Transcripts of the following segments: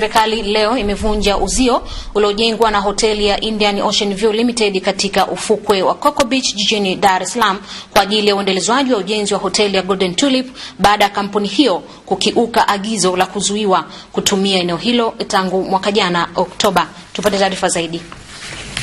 Serikali leo imevunja uzio uliojengwa na hoteli ya Indian Ocean View Limited katika ufukwe wa Coco Beach jijini Dar es Salaam kwa ajili ya uendelezwaji wa ujenzi wa hoteli ya Golden Tulip baada ya kampuni hiyo kukiuka agizo la kuzuiwa kutumia eneo hilo tangu mwaka jana Oktoba. Tupate taarifa zaidi.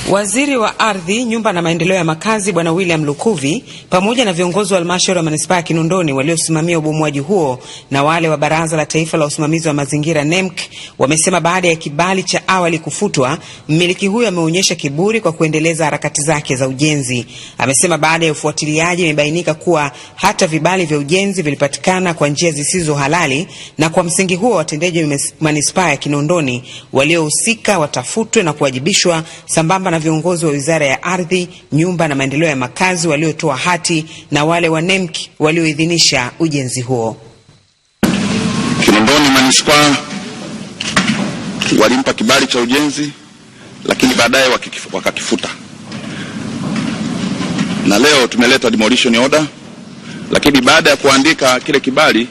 Waziri wa Ardhi, Nyumba na Maendeleo ya Makazi Bwana William Lukuvi pamoja na viongozi wa halmashauri ya manispaa ya Kinondoni waliosimamia ubomwaji huo na wale wa Baraza la Taifa la Usimamizi wa Mazingira NEMC wamesema baada ya kibali cha awali kufutwa, mmiliki huyo ameonyesha kiburi kwa kuendeleza harakati zake za ujenzi. Amesema baada ya ufuatiliaji imebainika kuwa hata vibali vya ujenzi vilipatikana kwa njia zisizo halali, na kwa msingi huo watendaji wa manispaa ya Kinondoni waliohusika watafutwe na kuwajibishwa sambamba na viongozi wa Wizara ya Ardhi, Nyumba na Maendeleo ya Makazi waliotoa hati na wale wa NEMC walioidhinisha ujenzi huo. Kinondoni manispaa walimpa kibali cha ujenzi, lakini baadaye wakakifuta, na leo tumeleta demolition order, lakini baada ya kuandika kile kibali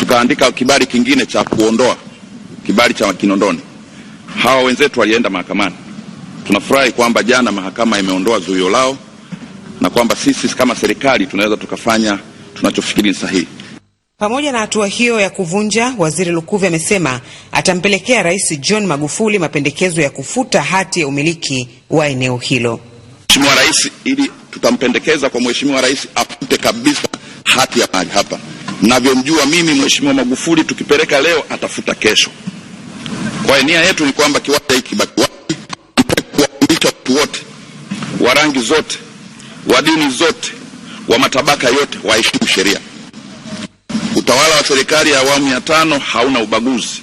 tukaandika kibali kingine cha kuondoa kibali cha Kinondoni. Hawa wenzetu walienda mahakamani. Tunafurahi kwamba jana mahakama imeondoa zuio lao na kwamba sisi kama serikali tunaweza tukafanya tunachofikiri ni sahihi. Pamoja na hatua hiyo ya kuvunja, Waziri Lukuvi amesema atampelekea Rais John Magufuli mapendekezo ya kufuta hati ya umiliki wa eneo hilo. Mheshimiwa Rais, ili tutampendekeza kwa Mheshimiwa Rais afute kabisa hati ya mali hapa. Navyomjua mimi Mheshimiwa Magufuli, tukipeleka leo atafuta kesho. Kwa nia yetu ni kwamba kiwanja hiki watu wote wa rangi zote wa dini zote wa matabaka yote waheshimu sheria. Utawala wa serikali ya awamu ya tano hauna ubaguzi.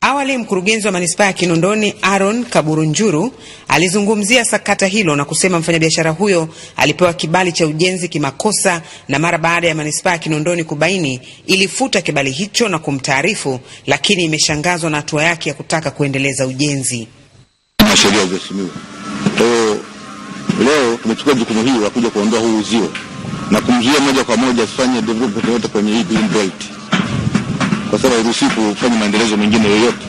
Awali mkurugenzi wa manispaa ya Kinondoni Aaron Kaburunjuru alizungumzia sakata hilo na kusema mfanyabiashara huyo alipewa kibali cha ujenzi kimakosa, na mara baada ya manispaa ya Kinondoni kubaini ilifuta kibali hicho na kumtaarifu, lakini imeshangazwa na hatua yake ya kutaka kuendeleza ujenzi na sheria ilivyoheshimiwa. Kwa hiyo leo tumechukua jukumu hili la kuja kuondoa huu uzio na kumzuia moja kwa moja asifanye development yoyote kwenye hii green belt, kwa sababu hairuhusiwi kufanya maendeleo mengine yoyote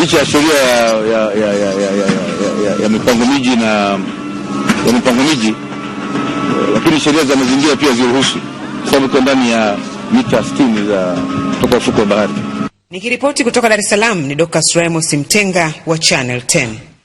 licha ya sheria ya, ya, ya, ya, ya, ya, ya, ya mipango miji na ya mipango miji, lakini sheria za mazingira pia ziruhusu, kwa sababu iko ndani ya mita 60 za kutoka ufuko wa bahari. Nikiripoti kutoka Dar es Salaam ni Dr. Raymond Simtenga wa Channel 10.